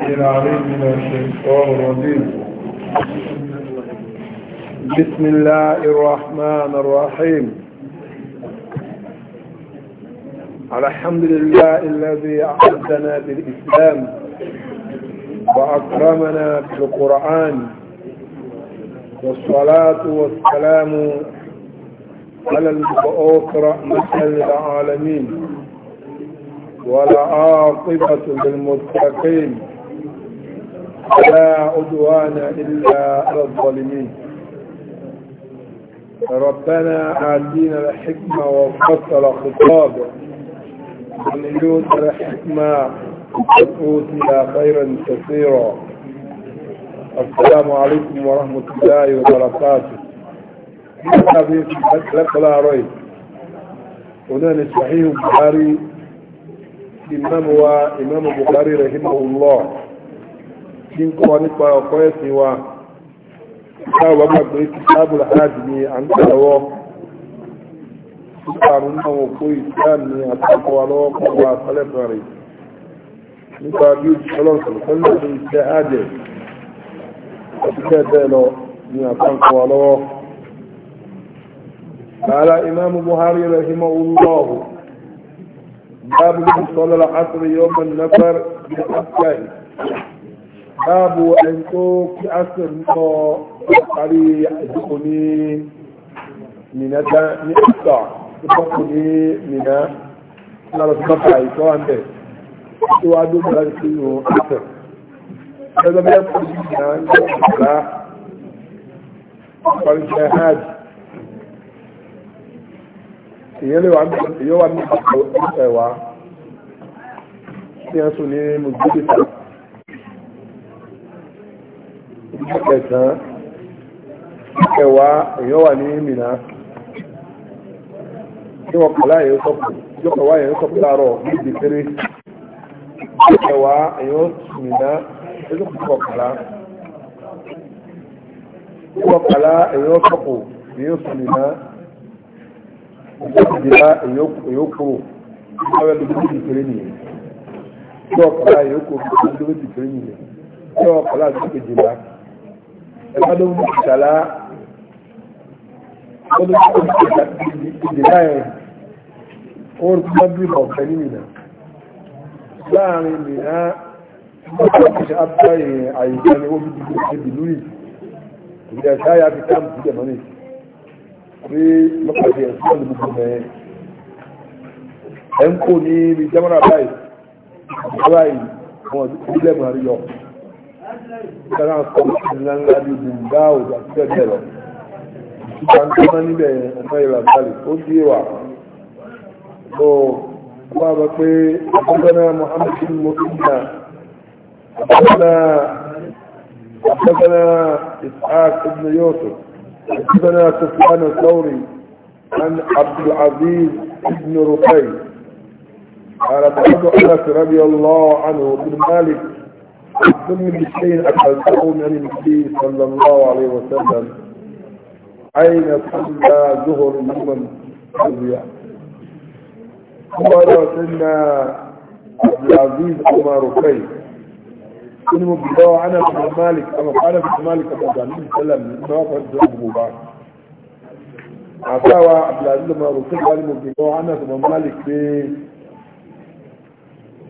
العليم من الشيطان الرجيم بسم الله الرحمن الرحيم الحمد لله الذي أعدنا بالإسلام وأكرمنا بالقرآن والصلاة والسلام على المبعوث رحمة للعالمين ولا عاقبة للمتقين لا عدوان إلا على الظالمين ربنا آتينا الحكمة وفصل خطابه ومن يؤت الحكمة قد إلى خيرا كثيرا السلام عليكم ورحمة الله وبركاته هذا في لا ريب هنا صحيح البخاري إمام وإمام البخاري رحمه الله tí ń kọ́ nípa ọ̀kọ́ ẹ̀sìn wa táwọn bàbá pé kìtàbù àádì ni à ń tẹ̀lọ́wọ́ nípa àrùn náà wọ́n kó ìsìláàmù ní àtàkọ́ wa lọ́wọ́ kọ́ wa sálẹ̀fà nípa bí ọlọ́sọ̀rọ̀ pẹ̀lú ìṣe iṣẹ́ àjẹ́ àti bẹ́ẹ̀ lọ ní àtàkọ́ wa lọ́wọ́ قال إمام بخاري رحمه الله باب صلى العصر يوم النفر بأفكاه báàbù ẹni tó kí asir ń kọ́ parí ìdíkò ní nìna dán ní ìgbà tó kọ́kù ní nìna lára tó mọ́ta ìtọ́ wà ń bẹ̀ tó wá dó bọ́lá sí ìlú asir ẹgbẹ́ ni ẹkùn ní nìna ń bẹ̀ ìgbà parí ṣe hajj èyí lè wà ń bẹ̀ èyí wà ní ìgbà ẹwà tí wọ́n sùn ní mùsùlùmí kẹsàn-án kẹwàá èèyàn wà ní mìíràn tí wọ́n kọ̀lá èèyàn sọ̀kù tí wọ́n kọ̀wá èèyàn sọ̀kù láàárọ̀ ní ìdí kéré kẹwàá èèyàn mìíràn tí wọ́n kọ̀lá tí wọ́n kọ̀lá èèyàn sọ̀kù èèyàn sọ̀kù mìíràn ìjọba èèyàn kúrò láwọn ẹlòmíràn ìdí kéré nìyẹn tí wọ́n kọ̀lá èèyàn kúrò láwọn ìdí kéré nìyẹn tí wọ́n kọ̀lá àti ìjọba ẹgbẹ́dọ́ mú ìṣàlá ọdún tó ń ṣe ìdílá ẹ̀ ó rí mọ́bílì ọ̀fẹ́ ní Mínà láàrin Mínà ìgbàlódé afẹ́ àyíká ni ó dúdú ṣe bìlú yìí ìgbà sáyà ti ká mùsùlùmí ẹ̀mọ́ nìyí gbogbo mẹ́ẹ̀ ẹ̀ ń kó ní ibi jẹ́mọ́ra báyìí báyìí wọn ìdílé àríyọ kára kọmíṣìn ńláńlá bíi bùnbá òjà tí ẹ̀bẹ̀ lọ ìtura ń tọ́ná níbẹ̀ ọ̀nà ìlà balẹ̀ ó di wà tó wọ́n bá pé àbúgbọ́nà Muhammad mokinna àbúgbọ́nà àbúgbọ́nà Ishaq ibn Yusuf àbúgbọ́nà Sufyan Thawri عن عبد العزيز بن رقي قال بعد أنس رضي الله عنه كل شيء أكلته من النبي صلى الله عليه وسلم أين صلى ظهر يوم الأربعاء قال سيدنا عبد العزيز عمر كي كل مبدأ انا ابن مالك انا قال ابن مالك أبو عبد العزيز سلم نوافع الزوج بعض عفاوى عبد العزيز عمر كيف قال مبدأ انا ابن مالك إيه؟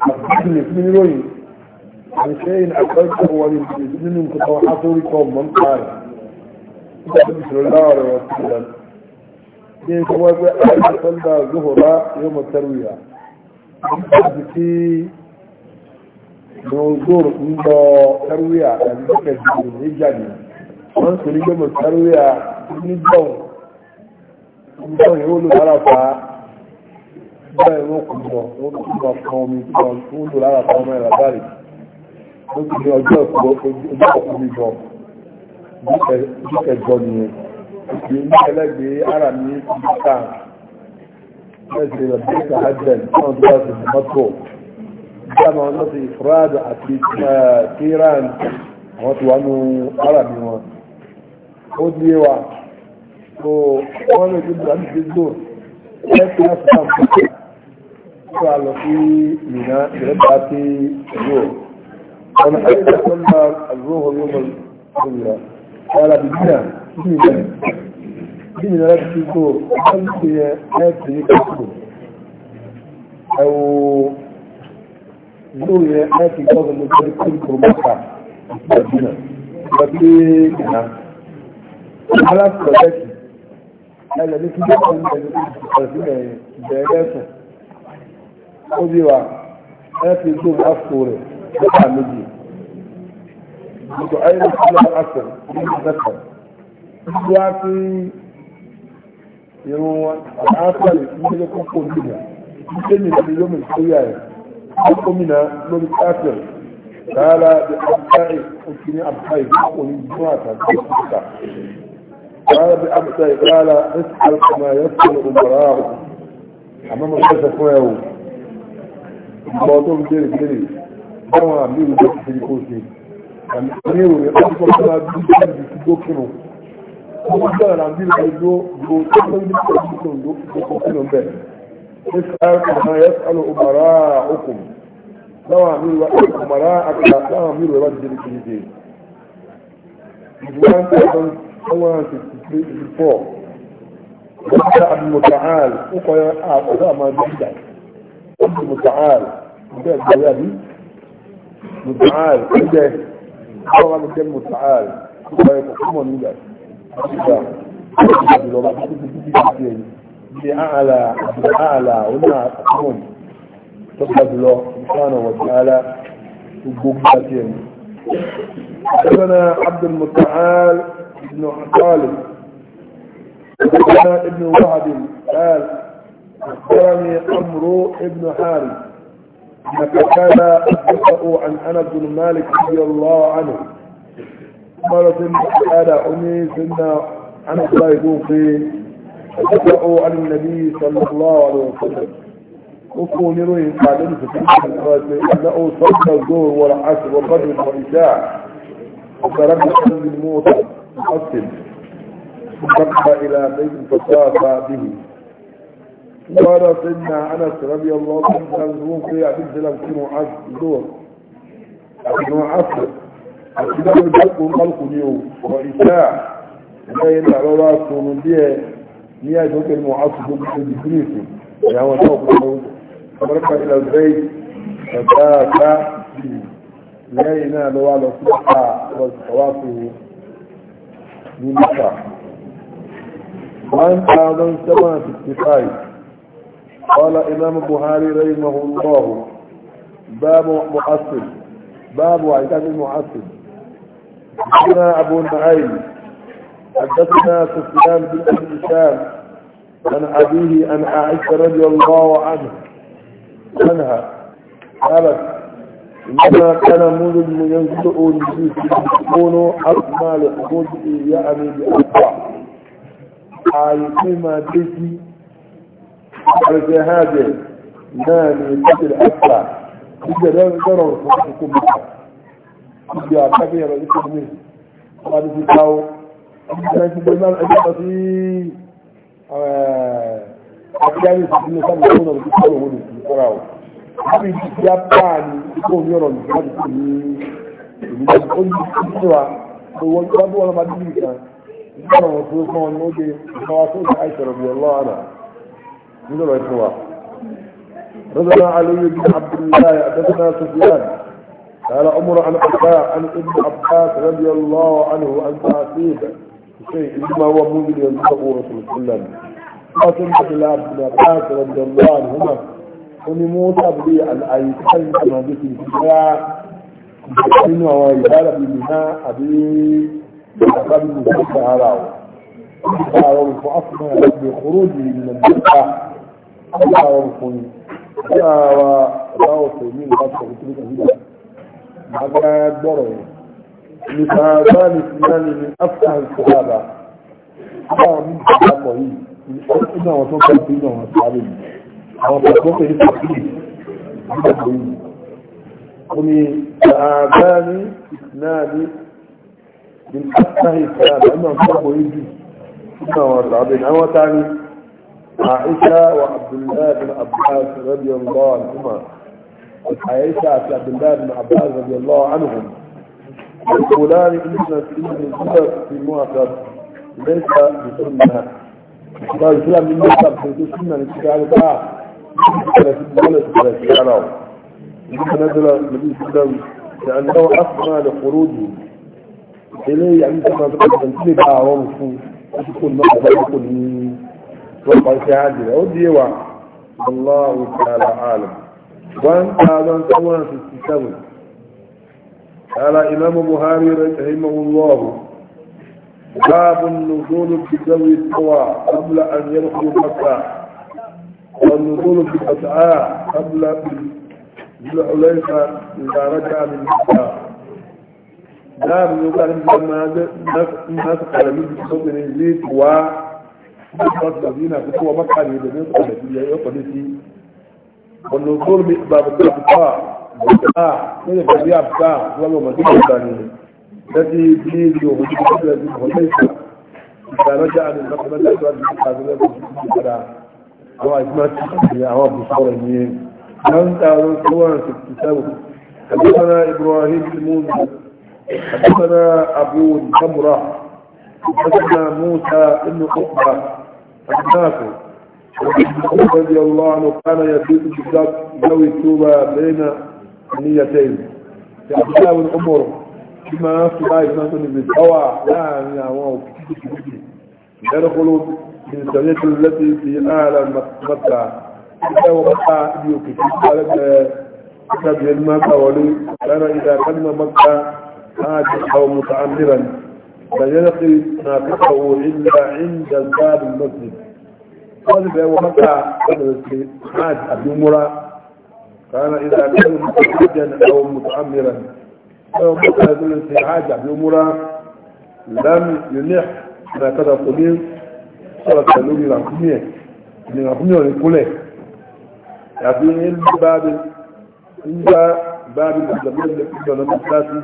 أخبرني في من رؤيه عن شيء أكلته وللمسلمين كطوحته من قال بسم الله عليه وسلم دين كما يقول صلى ظهر يوم التروية في نوزور من تروية يعني ذكر الدين الجاني wọ́n sì ní gbẹ́mọ̀ sárúyà nígbọ̀n nígbọ̀n yóò lò lára fa bẹ́ẹ̀ wọ́n kùnbọ̀ wọ́n kùnbọ̀ kan omi kan ó ti ní ọjọ́ ọkùnrin jọ bí ẹjọ́ nìyẹn ìgbè ní ẹlẹ́gbẹ̀ẹ́ ara mi ti ká ẹ̀sìn rẹ̀ bí ẹ̀ka hajjẹ̀n náà tó bá ti fi mọ́tò dáàmà wọn láti ìfúráàdà àti kíran àwọn ti wà nù ara mi wọn ó di wa tó wọ́n lè dúdú àti ti dùn ẹ̀sìn àti àmì tó ìrìnà ìrẹ́bàá sí ìlú ومن حيث يسمى الروح يوم الدنيا قال بدنا دينا دينا لا تشكو خلق آتي كسبه أو زوية آتي قوض المدرك كل كرمكة بدنا بدنا خلاص بدك هذا لكي يكون جاءته خذي وعلا آتي زوج أفكوره بقى مجيه متعين على الأسر ذكر دلوقتي يروى الأسر يمكن قديمة يمكن في يوم القيامة قومنا من الأسر قال بأبطاء أتني أبطاء ونجمعك قال بأبطاء قال اسأل كما يسأل أمراء أمام الشيخ أخوه الموضوع جري جري بوا عميل بكثير كوشي ní ìròyìn ọdún tó bá bí i bí i gbókùnù ọmọ ìjọ ìrà bí i ló ló tó tó ní ìpàdé ló fi gbókùnù bẹ̀ ní sáàkì náà yẹ sálọ ọmọrá okùn láwọn àmì ìwà ọmọrá àkàrà láwọn àmì ìwà ìjẹ ní kiri jẹ ìdúrà ń tẹ̀ ọdún ọwọ́ sixty three sixty four wọ́n dá abdulmutaal ó kọ́ yẹn àkọ́dọ̀ àmà dídà abdulmutaal bẹ́ẹ̀ gbọ́dọ̀ àbí mutaal ó bẹ́ẹ̀ هو تعالى ويقوم من بأعلى بأعلى ونا تقوم تقبل الله سبحانه وتعالى وبوكاتين حدثنا عبد المتعال بن طالب حدثنا ابن وهب قال اخبرني عمرو بن حارث كان أصدقاء عن أنس بن مالك رضي الله عنه قال قال أمي سنة عن الله يذوقي أصدقاء عن النبي صلى الله عليه وسلم وكون يروي قال أنه صلى الظهر والعصر والغدر والإشاع وترك الشمس الموت مقسم فقف إلى بيت فصافى به قال سيدنا انس رضي الله عنه في عبد السلام كيلو عشر دور كيلو عبد الله الخلق والخلق اليوم وإساء بين العراس ومن بها مياه جوك المعاصر بالكريسي يعني هو شوق بركة إلى البيت فتاكا لينا لو على عبد والتواصل من مكة وأنت أيضا سمع في التفاية قال إمام البخاري رحمه الله باب معصب باب عتاب المعصب حدثنا أبو النعيم حدثنا سفيان بن أبي هشام عن أبيه عن عائشة رضي الله عنه عنها قالت إنما كان منذ ينزل النبي يكون أسمى لخروجه يعني بأسرع عايشين ما تجي ƙarfe hajji na ne cikin asla duk da ɗan ɗaron su hukun mata duk da kafin yara ikon ne kuma da su kawo ɗan shi gina da ake ƙasi a kyani su ne san da suna da kawo wani su tsarawa abin da ya fani ikon yaron da su ne da su ƙungi cewa ko wani wani ma duk da yaron wasu kuma wani oge kawo sun da aisha rabu yallah ana من الإخوة رضنا علي بن عبد الله حدثنا سفيان قال عمر عن عباس عن ابن عباس رضي الله عنه عن تعصيب شيء مما هو مؤمن ينطق رسول الله صلى الله عليه وسلم ابن عباس رضي الله عنهما أن موسى ان عن أيتين كما ذكر فيها من وإبالة بها أبي أبي موسى فهراو فأصبح بخروجه من الجنة nígbà àwọn òfin ni nígbà wa ọ̀gá òfin ní ìlú àti ọ̀gbìn tó nígbà bàbá gbọ́rọ̀ yẹn nípa báyìí ti náà ní ní afghan sọ̀rọ̀ nígbà wọn ní ìgbà pọ̀ yìí nígbà wọn tó ń kọ́ ìpínlẹ̀ wọn sáré yìí àwọn pẹ̀lú pẹ̀lú pẹ̀lú nígbà pọ̀ yìí ó ní báyìí عائشة وعبد الله بن عباس رضي الله عنهما عائشة وعبد الله بن عباس رضي الله عنهم يقولان إن سنين الزبر في مؤخر ليس بسنة الله يسلم من مؤخر حيث سنة لتجعل بها ثلاثين ولا ثلاثين أنا نزل النبي صلى الله عليه وسلم لأنه أسمى لخروجه إليه يعني كما تقدم كل بقى هو مفهوم يكون معه يكون wọ́n ṣe hajj rẹ̀ ó di wa Allahu ta'ala alam one thousand seven hundred sixty seven قال إمام بخاري رحمه الله باب النزول في ذوي الطوى قبل أن يدخل مكة والنزول في الأسعاء قبل الحليفة إذا رجع من مكة باب يقال لما نسخ من صدر الزيت والنزول باب الدفاع بتاع من الجميع بتاع ولا مدينة الثانية التي بليز وهجوم الذي وليس إذا رجع من مقام الأسود من قابلة الجميع أو إجماع يا عوام بصورة من قالوا سواء في الكتاب حدثنا إبراهيم المنذر حدثنا أبو الجمرة حدثنا موسى بن عقبة حداكم رضي الله عنه كان يبيت بالذات ذوي التوبة بين نيتين يعطيها من عمر كما نفس الله ينصر بالدواء لا يا واو يدخل من سنة التي في أعلى مكة إذا وقع يوكي قالت كتاب المكة ولي كان إذا قدم مكة حاجة أو متعمرا لا يلقي ناقته إلا عند الباب المسجد قال بأي ومكة حاج أبي مرة كان إذا كان متحجا أو متعمرا أو مكة يقول حاج أبي مرة لم ينح كذا قليل صلى تلومي رقمية من يعني رقمية لكله يعني يبين الباب إلا باب المسجد لكل مسجد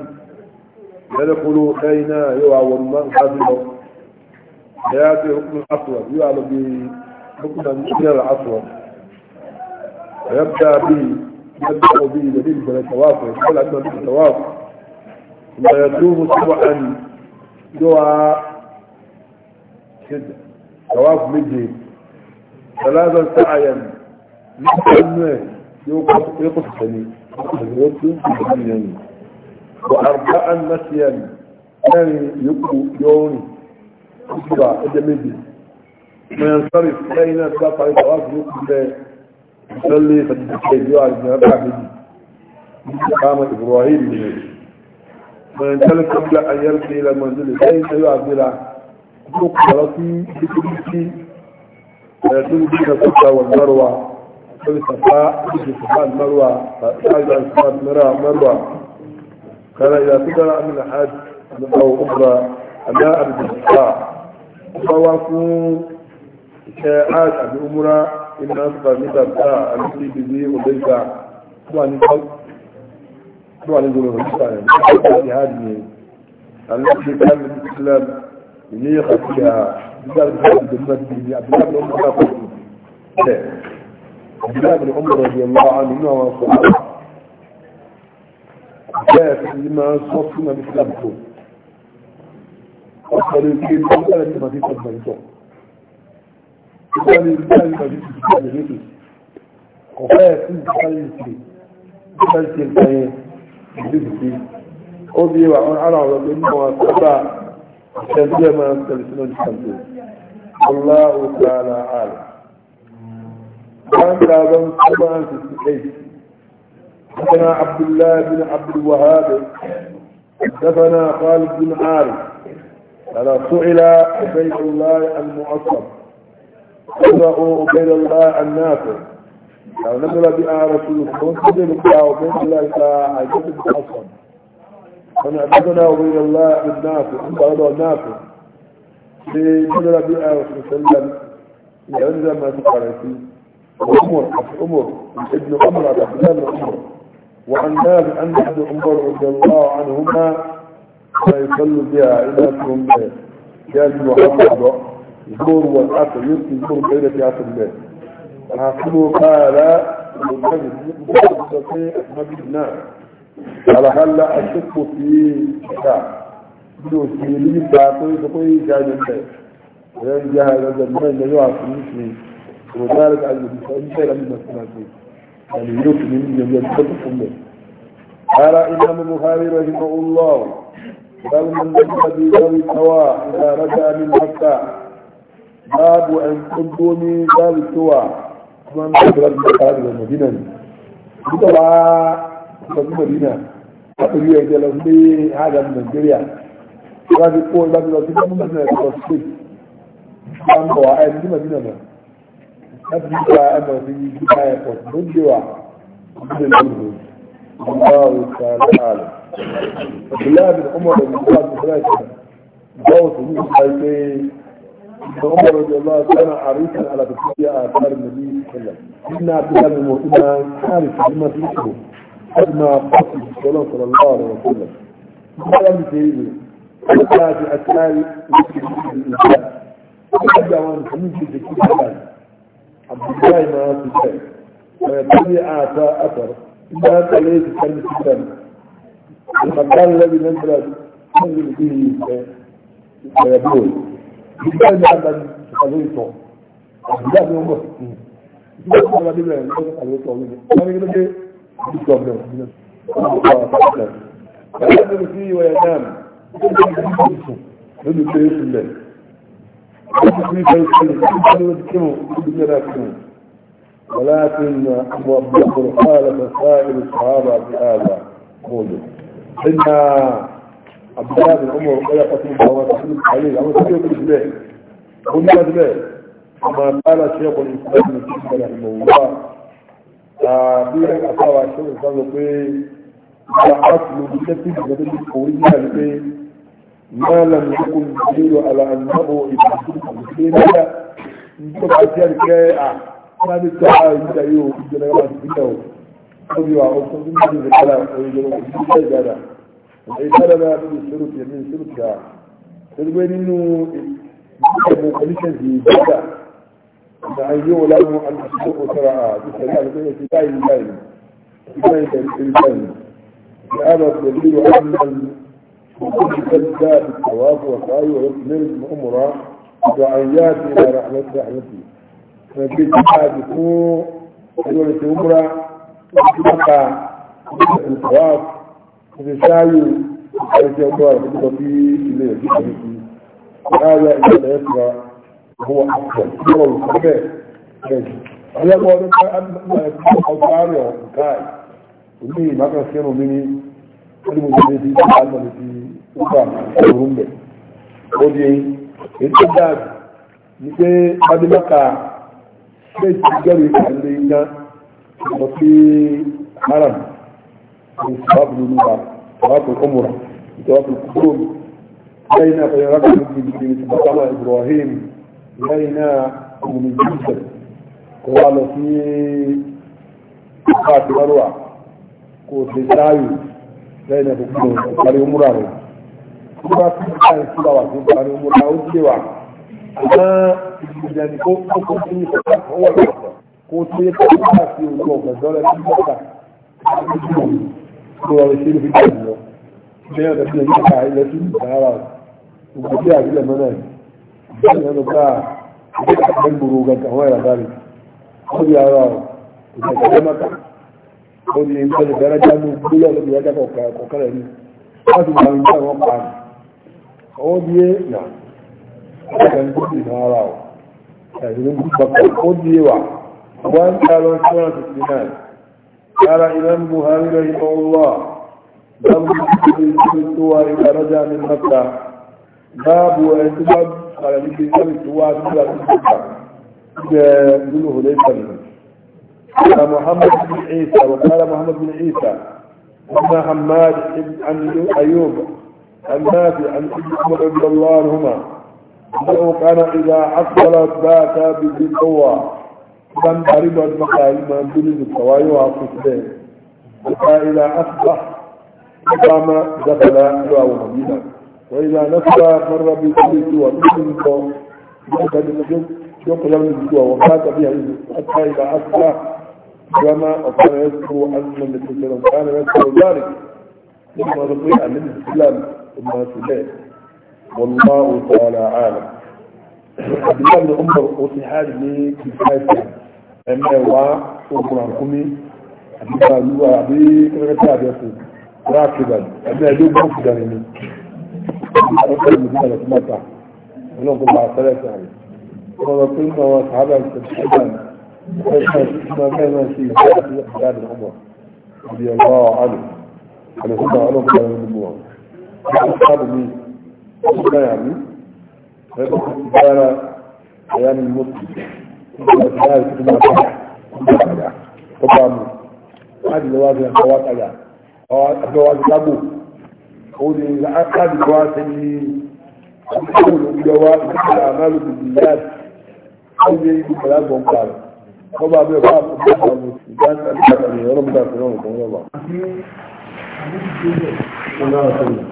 يدخلوا خينا يوعى الماء قبله ياتي حكم الاسود يوعى بحكم من الاسود ويبدا به يبدا به دليل من توافر يقول عدم من توافر ثم يدوم صبحا يوعى شده توافر مجهد ثلاثا سعيا يقصد يقصد يقصد يقصد يقصد وأربعا نسيا كان يقو يوني كتبا أجمدي وينصرف بين سبع طواف يقو يصلي فتتكيد يوعد من أربع بدي قام إبراهيم من وينتلف قبل أن يلقي إلى المنزل بين يوعد بلا يقو خلاصي بكبيتي ويقول بين الصفا والمروة ويقول صفاء بين صفاء المروة فأجعل صفاء المروة كان إذا تدرى من أحد أو أخرى أماء بالدفاع فوافوا إشاعات أبي أمرا إن أصغر من الدفاع التي بذي وليس وأن يقول وأن يقول يعني هذه التي كان من الإسلام إني خفيها بجال بجال بجال بجال بجال بجال بجال بجال بجال بجال بجال بجال بجال بجال بجال بجال bẹ́ẹ̀ fi máa sọ fún àmì ìsìlámù ọ̀pọ̀lọ̀ ìpín ìgbàlẹ̀ ìgbàlẹ̀ ìgbàlẹ̀ ìgbàlẹ̀ ìgbàlẹ̀ ìgbàlẹ̀ ìgbàlẹ̀ ìgbàlẹ̀ ọ̀fẹ́ fún ìgbàlẹ̀ ìgbàlẹ̀ ìgbàlẹ̀ ìgbàlẹ̀ ìgbàlẹ̀ ó bí wà ọ́n ara ọ̀rọ̀ lórí wọn sábà ìṣẹ́lẹ̀ máa ń tẹ̀lé sínú ìṣàkóso ọlá òkè ara ààrẹ 1068 حدثنا عبد الله بن عبد الوهاب حدثنا خالد بن عارف قال سئل عبيد الله المعصم اقرأوا عبيد الله النافع قال نزل بها رسول الله صلى الله عليه وسلم قال عبيد الله كعجب المعصم قال حدثنا عبيد الله بن نافع انت رضا النافع نزل بها رسول الله صلى الله عليه وسلم ينزل ما تقرأ فيه عمر ابن عمر ابن عمر وعن نابع أن ابن عمر رضي الله عنهما فيصلوا بها إناثهم به يجب حفظه الزور والعصر يمكن الزور بين عصر الله العاصم قال مستطيع مجدنا قال هل أشك في شعب بدو سيلي جاي من بيت وين جاي هذا الزمان يعصر مثلي وذلك أن يسأل شيئا من السنة يعني يسلم أن قال إمام البخاري رحمه الله قال من لم بذوي السواء إذا رجع من مكة باب أن كنتم ذوي السواء من أدرك مكة المدينة بطبعا في المدينة أقول لك لو في هذا من نيجيريا وهذا يقول لك لو في مدينة الصيف كان هو عائد في أبدا أما في بداية الدنيا من المنهج الله تعالى أعلم عبد الله بن عمر بن عبد الله جوز من حيث عمر رضي الله كان عريسا على تسمية آثار النبي صلى الله عليه وسلم إن عبد الله بن مسعود حارس لما تنشره قد ما قصد الصلاة صلى الله عليه وسلم قال سيدنا حتى في أثار الإنسان حتى وأن تنشر في كل عبد الله ما تجاه ويتبع آتى أثر إلا أنت ليس كان سلم الخبال الذي نزل تنزل به فيقول بالله من خليته عبد الله بن عمر يقول لك بالله من خليته أنا يقول لك بالله من خليته فينام وينام يقول لك بالله ولكن أبو عبد الله قال سائر الصحابة بهذا قوله إن عبد الله بن عمر قال قتل بواسطة عليه أو سيد الجبال قلنا الجبال كما قال شيخ الإسلام ابن تيمية رحمه الله تعبير أصاب الشيخ الإسلام يقول لا أصل بنفسه بدل الكورية يقول ما لم يكن يدل على أنه إبراهيم نقول عشان كاية ما نتعا انت ايوه جنا غلط بيته خذوا اوصل من هذا الكلام ويجروا في هذا اي ترى ما من شروط يمين شروط تقول انه يجب كلشن في بدا ان يعلم ان السوق ترى بالسلام بين سباعي الباين بين الباين هذا الدليل ان يتجزى الثواب والخير ويكمل الأمر وأن يأتي إلى رحمة رحمته فبيت حادثه يقول في أمره يتبقى الثواب وفي السعي وفي أمره يتبقى في إليه هذا إلى يسرى هو أفضل هو الخبير على قولك أما يكون أوزاري وكاي ومي ما كان سينو مني المجدد يتعلم فيه nípa ọ̀run bẹ̀ ó di ètò dáàbì ní pé adébákà fẹ́ẹ̀ ti gẹ́rù ìkàlẹ̀ iná lọ sí haram ní sàbàbù lónìí wa sàbàbù ọmọra sàbàbù kúrò lẹ́yìn náà fẹ́ẹ̀ rákà ní gbìyànjú ní sàbàbù Ibrahim lẹ́yìn náà ọmọdé jíjẹ kó wá lọ sí ìfà àti wárúwà kó o ṣe sáàyù lẹ́yìn náà kó kúrò ìparí rẹ̀ tó bá tún ká ẹ̀ síbà wà tó bá ní mo ra ó dé wa àmọ́ ìgbìyànjú ni kó kó kó tó yẹ kó kó wà lọ́sọ̀ kó tó yẹ kó kó bá fi òwú ọ̀gbọ̀n dọ́lẹ̀ sí dọ́kà kó lọ sí ibi ìjà lọ bẹ́ẹ̀ ọ̀dọ̀ sí ẹ̀yìn ká ilẹ̀ sí ìdára ògbò tí àgbélẹ̀ mọ́ náà bẹ́ẹ̀ ni ọ̀dọ̀ bá ìgbésẹ̀ gbòòrò gàgà wọ́n yàrá dáre ó di ara ìgbésẹ̀ mọ́ta ó di ìgbésẹ̀ dára jáde gbólọ̀ lóbi ẹ̀dá kọ̀ọ̀kan rẹ̀ ni wọ́n ti gbà ń gbà wọ́n pa á ó di é nà ọ̀sẹ̀ ní kí nà ara ọ̀ ẹ̀sìn ní gbàgbọ́ ó di é wà one thousand two hundred fifty nine قال إمام بخاري رحمه الله باب الاستوى إذا رجع من مكة باب اعتبار على الاستوى إذا رجع من مكة يقوله ليس منه قال محمد بن عيسى وقال محمد بن عيسى أن حماد عن أيوب النافع عن ابن عمر رضي الله عنهما انه كان اذا حصلت بات بذي بالقوه كان قريب المقال ما بين القواي حتى اذا اصبح قام دخل او مدينه واذا نسى مر بكل وتنقى وقد يقلب الجوع وفات بها حتى اذا اصبح كما وكان يذكر ان من كان يذكر ذلك ثم رضي عن الاسلام وما سبيل والله تعالى عالم abdullahi da umar wasu hari ne kifaifin mmewa tsohon hukumi a duka ruwa abu karkata da su rakiban abu da duk wasu da ne a ɗaukar mutum da kuma ta wani kuma a tsare tsare kuma da kun kawo sahaba da tsarkiban kwaikwai kuma mai mai shi da su da umar abu yawa alu a da kuma alu kuma da rubuwa wọ́n sábà mi wọ́n dáyà mi ẹ̀kọ́ tó ti dára ẹ̀yà mi mọ́ sí ìgbà tí láì tó máa bá ìgbà àgbà ó bá mu láti lọ́wọ́ àti ẹ̀kọ́ wá tajà ọ̀dọ́ wa ti dágbò ó ní láti lọ́wọ́ àti ẹni ìgbàwó ló wá ìgbà àmàlù bìbì yáàdì ó ní ìgbà lágbọ̀n kàrọ̀ wọ́n bá bẹ́ẹ̀ bá àpòkọ́ àwọn ìgbà àti ìgbà àti ìrọ̀rùn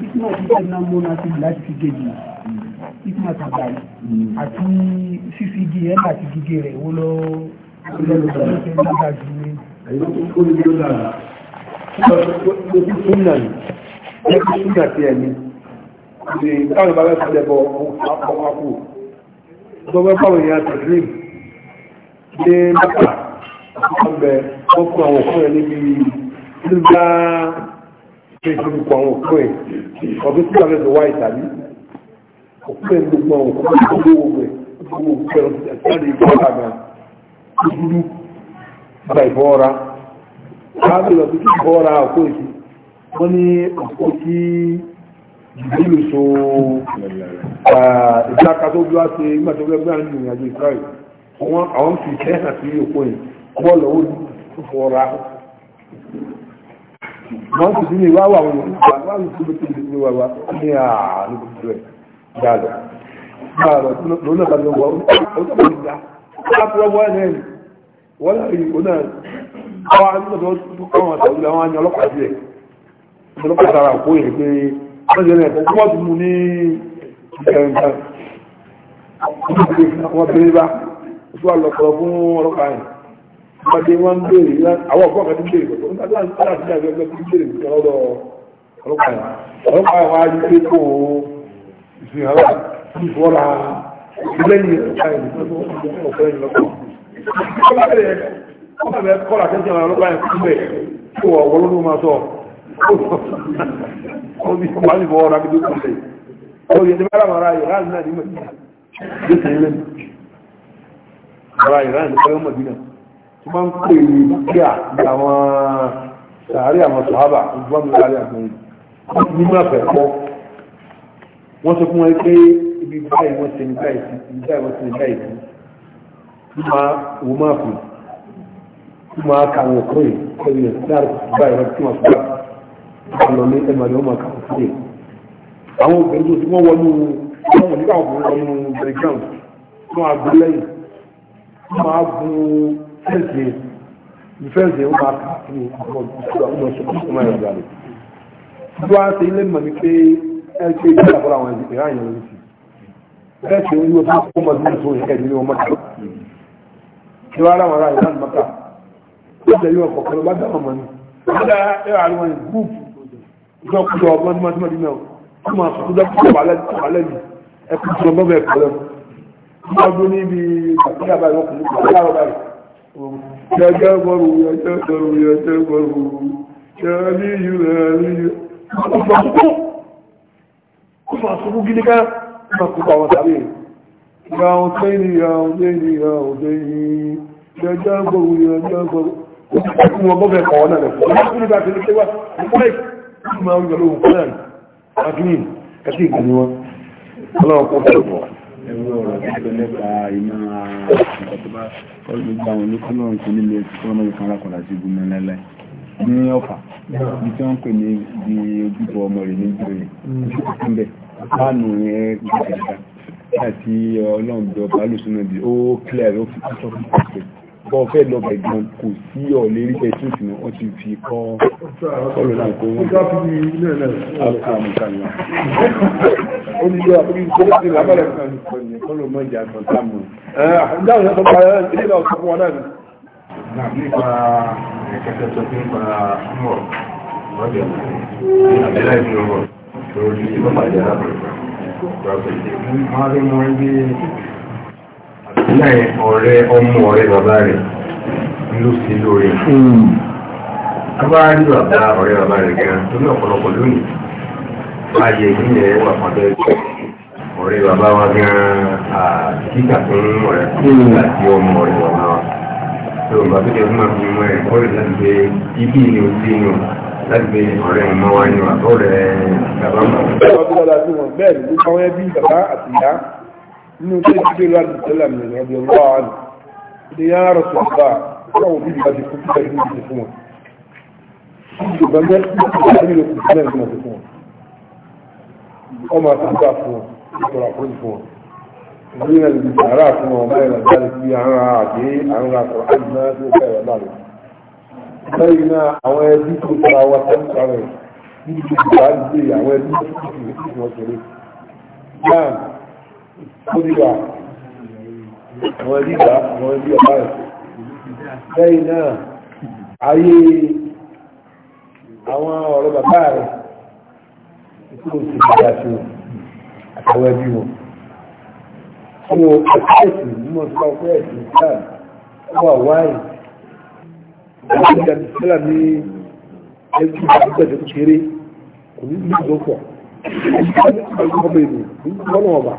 hikima ti tẹ̀ náà múná ti láti fi gèjì hikima ti gbà yìí àti fífi igi ẹ̀ àti gígé rẹ̀ wó lọ Ìgbàlẹ̀ bá rẹ̀ sílẹ̀ bọ̀ ọmọ akú. Gbogbo báwọn èèyàn ti rí ní mẹ́ta, ọgbẹ̀ ọkùn àwọn ọkùn rẹ̀ níbi ìlú bá pé gbogbo àwọn òkú ẹ̀ ọdún tí wọ́n lọ wá ìtàlí òkú ẹ̀ gbogbo àwọn òkú ẹ̀ gbogbo òkú ẹ̀ gbogbo òkú ẹ̀ ọ̀sán lè gbọ́ àgbà dúdú gba ìfọ́ra káàbì lọ sí ìfọ́ra òkú èsì wọ́n ní òkú tí ìdílù so ìdáka tó bí wá ṣe nígbà tó gbẹ́gbẹ́ àánú ìrìnàjò ìsirayì àwọn fi ìfẹ́ àti òkú ẹ̀ wọ́n sì sílé wá wà wọ́n wọ́n sì sílé sílé sílé wà wá ní ààrùn gbogbo ẹ̀ dáadọ́ dáadọ́ lónà bá lọ wọ́n ó tó bọ̀ nígbà lápúrọ̀ wọ́n ẹ̀ ní wọ́n láàrin ìkó náà àwọn àjọ́dọ̀ tó kọ́wọ́n àtàwọn àwọn àyàn ọlọ́pàá sílẹ̀ ọlọ́pàá sára òkú èrè pé wọ́n jẹ́ ẹ̀kọ́ kọ́ tún mú ní ìkẹrìnkan wọ́n bẹ̀rẹ̀ bá ó tó wà lọ́pọ̀ fún ọlọ́pàá yìí ọdẹ wọn ń béèrè ńlá àwọn ọgbọ́n kan ti ń béèrè pẹ̀lú nígbà tí wọ́n ti àgbẹ̀ ẹgbẹ́ ti ń béèrè nǹkan lọ́dọ̀ ọlọ́pàá yìí ọlọ́pàá wa yí pé kó o ìsìn ara ìfọ́ra lẹ́yìn ọlọ́pàá yìí tó ń bọ̀ lẹ́yìn lọ́pàá yìí. Ara ìran ìfẹ́ ọmọdé náà. máa ń pè ní bíkíà bí àwọn sàárì àwọn sàábà ìgbọ́n mi láàrin àgbọ̀n wọ́n ti nínú àfẹ́ pọ́ wọ́n sọ fún wọn pé ibi báyìí wọ́n ti ní báyìí sí ibi báyìí wọ́n ti ní báyìí sí kí máa wò máa kù kí máa ka àwọn ọkọ yìí kọ́ ilẹ̀ láàrin báyìí wọ́n ti máa fún wa wọ́n lọ ní ẹ̀mọ̀ ni wọ́n máa kà wọ́n fún yìí àwọn obìnrin tó ti wọ́n wọnú wọ́n wọ̀ nígbà wọ́n wọnú bẹ̀rẹ̀ ground wọ́n á gbé lẹ́yìn wọ́n máa gun fẹ́ǹsì fẹ́ǹsì ó máa kà kí ni ọmọ ìṣúra ó máa ṣọkọ ọmọ ìrìn àjò tó wá sí ilé mọ̀ ní pé ẹ ṣe ìṣẹ́ àfọlá àwọn ìrìn àjò lórí sí bẹ́ẹ̀ ṣe orí ọdún ó mọ̀ nínú tó ìṣẹ́ ìdílé ọmọ kan ṣe wá láwọn ará ìlànà mọ́ta ó jẹ́ yóò kọ̀ọ̀kan ló bá dá ọmọ ni ó dá ẹ̀rọ àríwá ní gúúpù ìjọkújọ ọgbọ́n ní mọ́tímọ́tí náà ó máa sọ kújọ kújọ wàlẹ́ ní ẹkùn tó ọgbọ́n bẹ́ẹ̀ pẹ̀lú ọdún níbi ìgbàgbé يا جبر يا جبر يا جبر يا علي يا علي كيف أصبوا قلك نقطع وتعليم يا حسين يا حسين يا حسين يا جبر يا جبر والله يا قوانا نقول لك في الكتاب ما يقولون فلان أكلين كثير كثير الله يقول لك ẹwọ́ ọ̀rọ̀ títọ́ lẹ́pa iná ọgbà àwọn olókùnrin ọ̀rọ̀ kò nílé ẹ̀kọ́ ọmọ ìkan lákọ̀ọ́lá sí gúnmọ́ lẹ́lẹ́ ní ọ̀fà ní tí wọ́n pè ní bí ojúbọ ọmọ rẹ̀ ní ìgbèrè níbẹ̀ fáànù ẹ̀ gbẹ̀gbẹ̀ àti ọlọ́ọ̀dọ̀ bálùsùn náà di ó clear ó fi kọ́sọ́ fún ìpàdé bọ́ fẹ́ lọ bẹ̀gbọ́n kò sí ọ̀lẹ́ rí bẹ̀ tún sínú wọ́n ti fi kọ́ ọ̀rọ̀ náà kó wọ́n ká fi ilé náà ọ̀pọ̀ àmúkànlá oníṣẹ́ àbúrí ìṣẹ́lẹ̀ sí lábẹ́rẹ̀ kan kọ́lọ̀ mọ́ ìjà kan sáàmù dáhùn ẹ̀sọ́ pa ẹ̀rẹ́ ilé náà sọ fún wọn náà ni. nípa ẹ̀kẹ́kẹ́ sọ fún nípa mọ̀ lọ́dẹ̀ àbẹ́lá ìṣòro lórí ìlú náà ọ̀rẹ́ ọmọ ọ̀rẹ́ bàbá rẹ̀ ló sí lórí bàbá rí bàbá ọ̀rẹ́ bàbá rẹ̀ gan tó ní ọ̀pọ̀lọpọ̀ lónìí ayé ìpínlẹ̀ wà pàdé ọ̀rẹ́ bàbá wa gan kíkà fún ọ̀rẹ́ hmm. àti ọmọ ọ̀rẹ́ bàbá wa tó bàbá tó jẹ́ fún àfi mọ́ ẹ̀ kọ́rẹ́ láti gbé ibi ni ó sí ni ó láti gbé ọ̀rẹ́ ọmọ wa ni wà tó rẹ̀ bàbá mọ́. bẹ́ẹ̀ ni gbogbo àwọn ẹbí bàbá àti ìyá nínú tó ti dé láti tẹ́lẹ̀ mi rọ̀bì ọlọ́ àánú ní yá rọ̀ tó bá káwọn bí ìbá ti kú kí ẹni ti fún wọn ṣùgbọ́n bẹ́ẹ̀ tí ó ti lè kú kí ẹni ti fún wọn wọ́n máa ti gbà fún wọn ìtọ́ra àkórí fún wọn ìlú náà lè fi sàárà fún wọn báyìí náà jáde sí ara àgbé ara àkọ́ àjùmọ́ tí ó fẹ́ wà láàrin lẹ́yìn náà àwọn ẹbí tó tara wa sẹ́ńtà rẹ̀ níbi tó ó àwọn ẹbí ìgbà àwọn ẹbí ọ̀pá ẹ̀ lẹ́yìn náà ayé àwọn ọ̀rọ̀ bàbá rẹ̀ tí ó ti gbà sí ẹbí wọn fún ẹ̀sìn ní ẹgbẹ́ ìgbàgbẹ́jọ kéré ní ìlú ìdókòó ọmọ ìlú ní ọlọ́ọ̀bà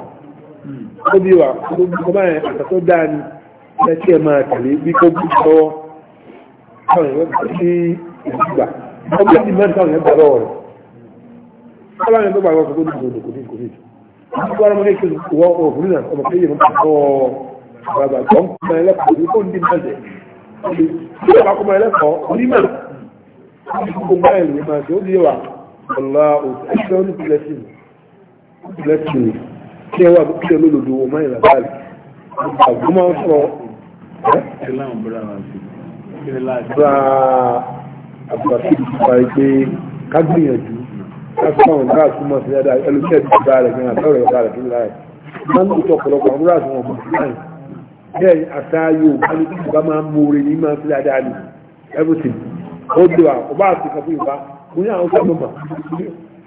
ó bí wà gbogbo báyẹn àtàtọ́ dáa ni ẹ tí ẹ máa tẹ̀lé bí kó bí lọ́wọ́ táwọn èèyàn bá sí ìdígbà ọmọ ìdí mẹ́rin táwọn èèyàn gbà lọ́wọ́ rẹ̀ ọlọ́run yẹn tó gbàgbọ́ kò tó dùn òdò kò ní kò ní ìdígbà ọmọ kékeré wọ kí ẹ wà kí ẹ lólòdò wọ máyìlá báàlì àgbọ̀n máa ń sọ bra àbúrásí ti parí pé ká gbìyànjú ká sọ̀rọ̀ ká súnmọ́ sí dáadáa ẹlòmíẹ̀ ti bá rẹ̀ gan àtọ́rẹ̀ ọ̀gá rẹ̀ tó láì máa ń tọ́ ọ̀pọ̀lọpọ̀ àbúrò àsùnwọ̀n kò sí láì bẹ́ẹ̀ àtàyò kálí tí ìgbà máa ń múre ní máa ń fi dáadáa ní everything ó dùn à ọba àti kàfíìfà mo ní àwọn sábà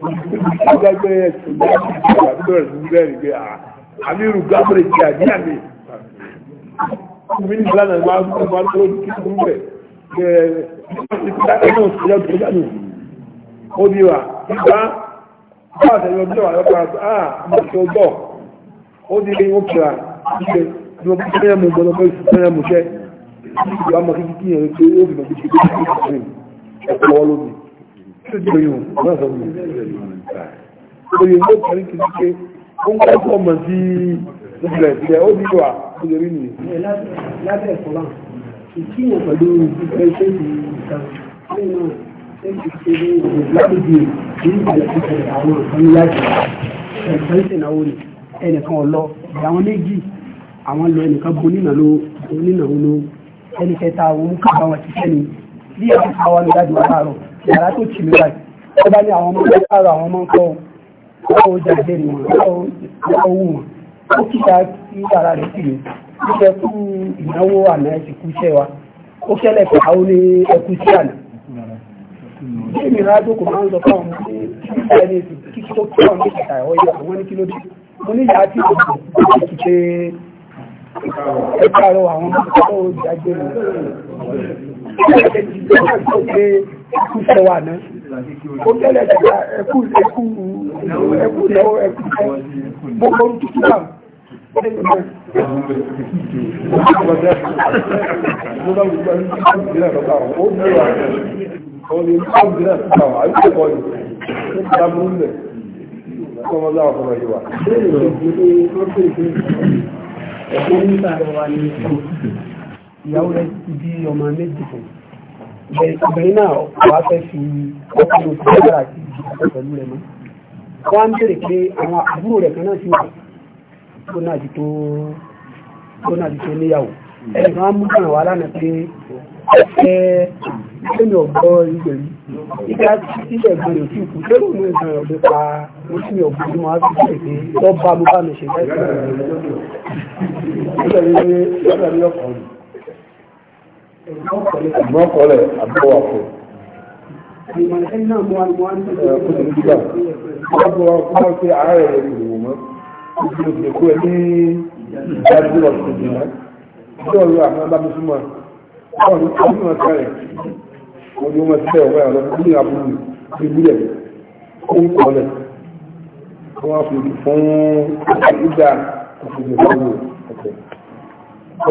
adájọ́ yẹn tó ní àdúgbò rẹ̀ pé àmírù gábọ̀rẹ̀ ti àdí àmì mínísítì lánàá máa ń fún wọn lórí kí fún bẹ̀ ó di wa nígbà bá àtẹ̀yìn ọdún wà lọ́pàá àà mọ̀tò ọjọ́ ó di ní òkèrà ṣe ní ọdún tó mú gbọdọ̀ pé ìsìn tẹ́lẹ̀ mú ṣẹ́ ìgbà mọ̀ kíkí yẹn pé ó fi mọ̀ kíkí pé ìsìn ẹ̀kọ́ lónìí tí ó jẹ́ oyún náà sọ fún mi oyún ló kẹrin kìí ṣe ó ń kọ́ ọkọ̀ ọmọ sí ìpìlẹ̀ ìpìlẹ̀ ó nílò à ó nìyí. lábẹ́ ẹ̀kọ́ bá ìkíyàn pẹ̀lú ìgbẹ́ iṣẹ́ ti ìta nínú ẹ̀kí ṣe ní ìlàkùjì ní ìpìlẹ̀ ìpìlẹ̀ àwọn ìpínlẹ̀ láti ẹ̀kọ́ ìṣẹ̀náwó ni ẹnìkan ọ̀lọ́ àwọn méjì yàrá tó tì mí báyìí ó bá ní àwọn ọmọ ọmọ káàrọ àwọn ọmọ nǹkan ọwọ́ jàgbé ni wọn ọwọ́ wọn ó kíta sí yàrá rẹ̀ sí mi ó fẹ́ fún ìnáwó àná ẹ̀sìn kú iṣẹ́ wa ó kẹ́lẹ̀ pé àwọn ní ẹkú sí àná bí mi rà jókòó máa ń sọ fún àwọn ọmọ ẹni èsì kí tó kí wọn ní kàkà ẹ̀họ́ yẹ àwọn ní kí ló dé mo ní yàrá tí mo kò kí pé ẹ káàrọ àwọn ọmọ ẹkú fẹ́wà náà ó tẹ́lẹ̀ tí a ẹkú ẹkú ẹkú lọ́wọ́ ẹkú gbogbo ń tutù bá Ìyàwó rẹ̀ ti bí ọmọ méjì fún ìbẹ̀rẹ̀ náà wà fẹ́ fi ọkùnrin wọ́n ń pé àwọn àbúrò rẹ̀ kan náà sí wà tó náà di tó níyàwó ẹ̀rọ amúgbọ̀n wà lánàá pé ẹ lẹ́nu ọ̀gbọ́ ìgbẹ̀rú ìgbà tí ẹ̀gbọ́n rẹ̀ sí ìkú tó lóun ní ìgbọ̀n ọ̀gbẹ́ pa ó sì ọ̀gbọ́n tí wọ́n á fi ṣe pé ẹ̀gbọ́n kọ́lẹ̀ àbúrò àpò. kùtù nígbà ọ̀pọ̀ ọ̀pọ̀ ṣe àárẹ̀ rẹ̀ kò wò mọ́ kùtù òkè kú ẹ ní ìdájú ọ̀sẹ̀ jìnnà tí ọ̀rọ̀ àwọn abámísúmọ̀ ọ̀rọ̀ ní kí wọ́n kárẹ̀ wọ́n ni wọ́n ti ọ̀wẹ́ àwọn ọmọdé àbúrò ní ìbílẹ̀ ó ń kọ́lẹ̀ wọ́n fi fún ìdá òfin ìgbàlódé ọ̀tẹ̀.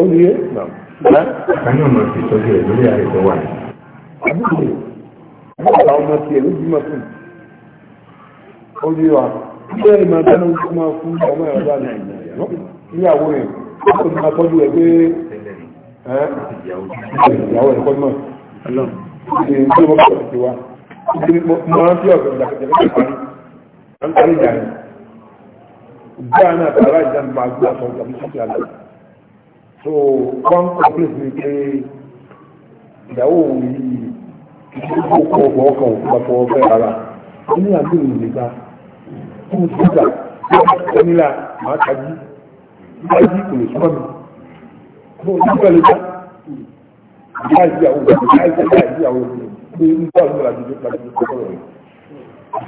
ó ní yé náà. Àkànyọ̀ ọmọ ti tọ́jú ẹ̀ lórí ààrẹ tó wà. Àbúrò, àwọn ọmọ ti ẹ̀ ló bímọ fún mi. Ó rí wa, ṣé ẹ̀ máa dáná ojú máa fún ọmọ ẹ̀rọ bá mi? Níyàwó rẹ̀, ó kò ní máa tọ́jú ẹ̀ pé ìyàwó ẹ̀ kọ́ náà. Ṣé ní ọmọ bàbá ti wá? Ṣé mo rántí ọ̀gbìn ìdàkẹ́jẹ́ kọ́ parí? Àǹkárí ìjà ni. Ìjà náà tààrà ìjà ń bá gbé àtọ̀ ìjà so wọ́n complete mi pé ìyàwó òun yìí ìdílé kó ọkọ̀ ọkọ̀ òkúta fọwọ́ fẹ́ rárá ó ní àbí òun nígbà kó o ti gbà kó o ní là máa tají tají kò lè sọ́ọ̀nù kó o ní pẹ̀lú ká ìyá ìyàwó ìyá ìyàwó pé ń bá òun làjú tó pàdé kọ́kọ́rọ́ rẹ̀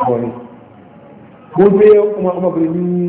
ọ̀rọ̀ ni. mo gbé ọmọbìnrin ní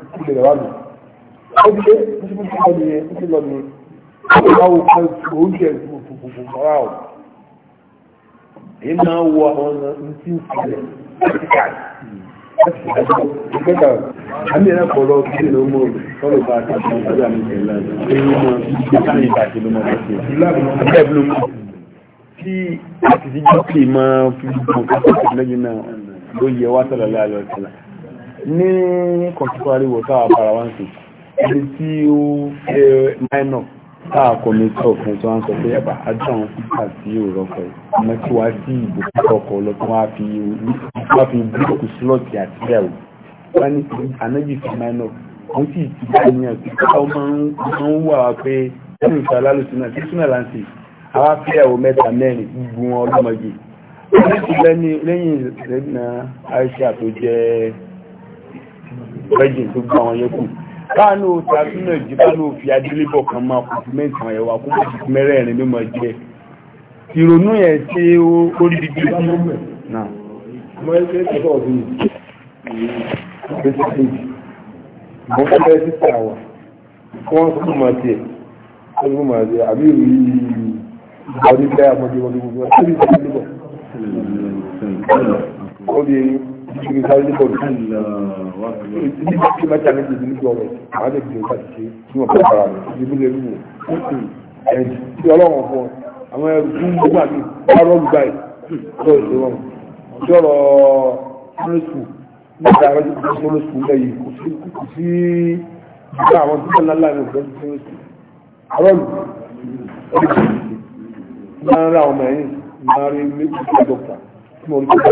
ìbẹ̀rẹ̀ wà lù ó ti dé ó ti fún ọ nìyẹn ó lọ nìyẹn ó oúnjẹ gbogbogbò rárá o èyí máa wọ àwọn ntí ń sílẹ̀ láti káàdì láti káàdì ìgbẹ́ta àmì ẹ̀rọ kọ̀ lọ sí ìlú mọ́ ọ̀rọ̀ bá a ti sọ ọjà mi tẹ̀lé èyí mọ́ ìgbẹ́ta ìbàjẹ́ ló mọ́ ọ̀rọ̀ sí ìlú tí àti ti jọ́ pé máa fi gbọ̀n kí wọ́n ti lẹ́yìn náà ló wá sọ̀rọ̀ láàyò ọ̀sẹ̀ ní contemporary world tá a fara wá ń sè ibi tí ó fẹ́ minor tá a kọ́ni tó ọ̀fun tó wá ń sọ pé ẹ̀bà adé àwọn pípa tí yóò rọ́pọ̀ ọmọ tí wàá sí ìbò pípa ọkọ̀ ọlọ́tún wá fi wá fi búlọ̀kù slọ́ọ̀tì àti bẹ́ẹ̀ o wá ní anájì fún minor wọ́n sì ti dá ní ẹ̀ pípa ọmọ ń wà wá pé ẹ̀rù ìfẹ́ alálùsí náà tí súnà láǹtì àwọn afẹ́yàwó mẹ́ta mẹ́rin gbùn ọlọ́mọge lẹ́yìn lẹ́yìn virgin tó gbọ́ àwọn yòókù káànù tàbí náà jí káànù fi adélébọ̀ kan máa kọ̀tùmẹ́ntì àwọn ẹ̀wà kó bá jùlọ mẹ́rẹ̀ẹ̀rin mímọ̀ jẹ́ ìrònú ẹ̀ tí ó rí bí náà wọ́n sọ́kùn máa tiẹ̀ sọ́kùn máa tiẹ̀ àbí ìròyìn ọdún tẹ́ àmọ́jẹ́ wọ́n ní gbogbo ọdún níbi sáré ní bọ́ọ̀lù níbi tí mẹ́ta méjì ní ìjọ rẹ̀ àwọn ẹ̀dẹ̀ ìjọ ìpàdé ṣe tí wọ́n fẹ́ fara rẹ̀ ní ìbílẹ̀ ìlú ẹ̀ tí ọlọ́wọ̀n fún àwọn ẹrù fún gbogbo àmì ọrọ̀ gbà ẹ̀ ọjọ́ ìṣe wọn ọjọ́ rọ̀ mọ́lẹ́sù nígbà àwọn ẹ̀dẹ̀ ìjọ mọ́lẹ́sù ń bẹ̀yì kò sí kò sí ìgbà àwọn tó tẹ̀lé láàrin òkè ọjọ́ mọ́lẹ́sù ọrọ̀ lù ọdún kò sí máa ń ra ọmọ ẹ̀yìn máa rí méjì dókítà tí mo rí kó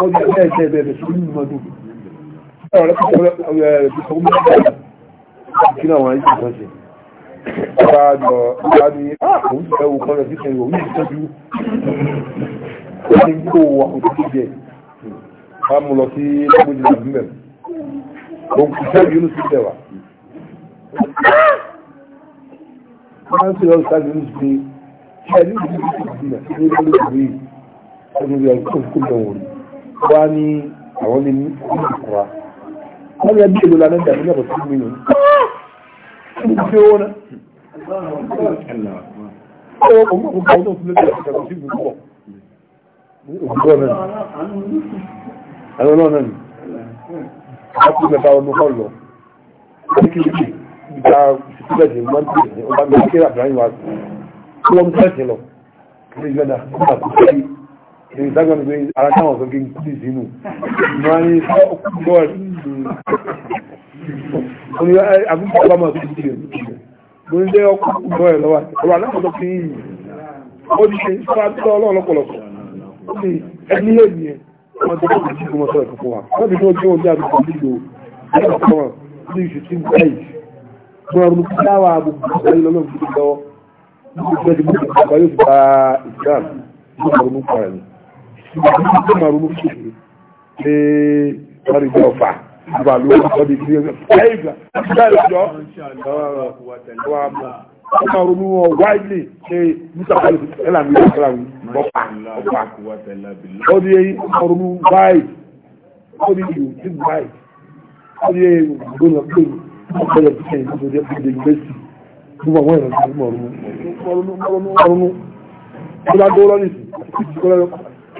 ọjọ́ ẹgbẹ́ ẹgbẹ́ bẹ̀rẹ̀ sí nínú ọdún ọ̀rẹ́ Wọ́n tí lọ́rọ̀ sáàrì ní ṣe ṣe ẹni ìgbìyànjú ìgbìyànjú ní ọdún ìgbìyànjú ọdún ìgbìyànjú kúrò kúrò lọ́wọ́ rí wá ní àwọn lè ní ìkura wọ́n yẹ bí èlò lànà ìjà nílẹ̀ kò sí mi nù. Ní ti owó náà. Ó kò mú àkókò àwọn tó ń tilẹ̀ ìjà kò sí mi náà. Àwọn náà náà ni. A kú mẹ́ta ọdún kọ́ lọ. Ní kí ní ìjà ìsìnkúlẹ̀ ṣe máa ń tẹ̀lé ọba mi kí Abdulrahim wa. wọ́n mú tẹ̀lé lọ. Kí ni ìjọba náà? que mas o o programa ele. ní ìdájọ́ ni pé ara táwọn sọ kí n kúrì sínú máa ní bọ́ọ̀lù oní àbúkù ọba máa tún kúrì rẹ̀ mo ní jẹ́ ọkọ̀ bọ́ọ̀lù lọ́wọ́ ọ̀rọ̀ alákọ̀ọ́tọ̀ fi ń yìí ó ti ṣe sọ́ra tó ọlọ́run lọ́pọ̀lọpọ̀ ó ti ẹni èmi ẹ̀ wọ́n ti kọ́ ìdíjú mọ́ sọ́rọ̀ fún wa wọ́n ti kọ́ tí wọ́n bí àdúgbò nílò nígbà tó wọn ní ìṣù tí ń báyìí mo rọrùn ní dáwà gbogbo ìgbàlè lọ́lọ́run gbogbo lọ́wọ́ nígbà tó ti mú ìgbàlè yóò ti ta ìgbàlè yóò rọrùn ní tó máa ronú fún mi pé wọ́n rí jẹ́ ọ̀fà àbá ló ń sọ́ di kí ẹ ìgbà bẹ́ẹ̀ lọ́jọ́ wọ́n máa ronú wọn wáìlì ṣe mítà pálí ẹ̀là mi ló kọ́ra mi bọ́pà ọ̀pà ó di eyín ó máa ronú wáìlì ó di ìlú tí wáìlì ó di eyín gbóná gbóná ó bẹ̀rẹ̀ bí ẹ̀yìn tó dé ọdẹ gbèsè gbogbo àwọn ìrọ̀lẹ́ mọ̀ ronú mọ̀ ronú mọ̀ ronú mọ̀ ronú ó bá dó lọ́nìí sí kó lọ́nìí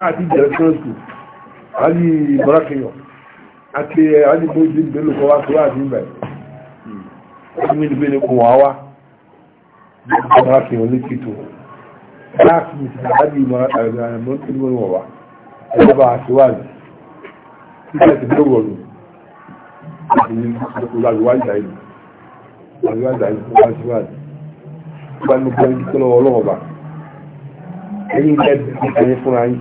àti international school ali barakiyo àti ali bóyí bẹ́lú kọ́ wá sí wá sí ibẹ̀ ọdún ìlú bẹ́lú kọ́ wá wá barakiyo lè ti tó láti mi sí àbájú ìmọ̀ àgbẹ̀mọ̀ tó ní wọ́n wà ẹgbẹ́ bá aṣíwájú títẹ̀ ti bẹ́rù ọ̀rọ̀ àti olùwàjúwájà ìlú olùwàjúwájà ìlú tó wá síwájú gbanúgbọ́n tó ẹ̀yìn ilẹ̀ ẹ̀yìn fúnra yìí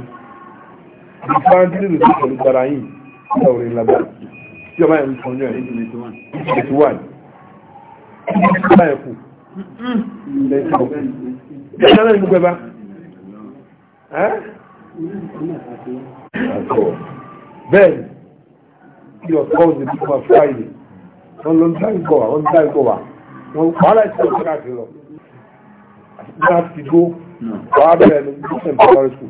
ìfáàndínlẹ̀ ló ti pẹ̀lú tara yìí nígbà lábẹ́ tí ọba yẹn ń sọ ní ẹ̀ eighty one nígbà yẹn kù ìjọba náà ní gbogbo ẹ bá bẹ́ẹ̀ kí ọ̀sán ọ̀sẹ̀ bí wọ́n fáìlì wọ́n ló ń dá ìkọ̀ wà wọ́n ń dá ìkọ̀ wà wọ́n wàhálà ìṣẹ́ ọ̀sẹ̀ káàkiri lọ àti bí wọ́n ti gbó wàá bẹ̀rẹ̀ ní bí wọ́n ti ń bá wọn sùn.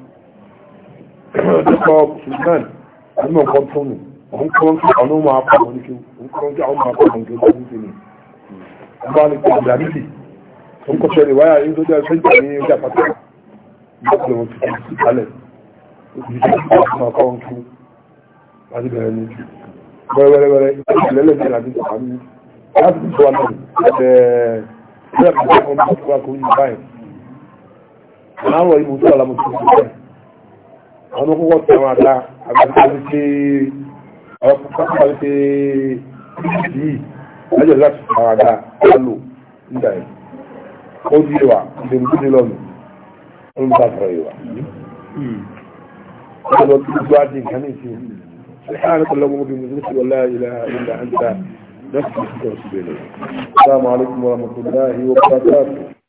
nípa ṣùgbọ́n àwọn ọmọ kan fún òun kọ́ kí àwọn ọmọ apá wọn òun kọ́ kí àwọn ọmọ apá wọn kí òun kí ni wọ́n bá ní kí ọ̀dà níbi òun kọ́ ṣẹlẹ̀ wáyà yìí tó jẹ́ sẹ́ńtà ní ojú àpáta ìgbàgbọ́ wọn ti fi kalẹ̀ kí àwọn ọmọ apá wọn kí wọ́n ti bẹ̀rẹ̀ ní wẹ́rẹ́wẹ́rẹ́ ìlẹ́lẹ̀ ní ìlànà ìpàdé láti fi sọ àná ẹ̀ẹ́dẹ́gbẹ̀rún ọmọ apá wọn kí wọ́n báyìí àwọn ọmọ kọ́kọ́ tẹ̀wọ̀n àta àgbàkọ́lùkẹ́ ọkọ̀kọ́lùkẹ́ yìí lẹ́jọ̀ láti tẹ̀wọ̀n àta lálò nígbà yìí ó di ìwà ìdèrúgbìn lọ́nà ó ń bá sọ̀rọ̀ ìwà. ó lọ kí ojú ajé nǹkan ní ìsìn سبحانك اللهم وبحمدك ولا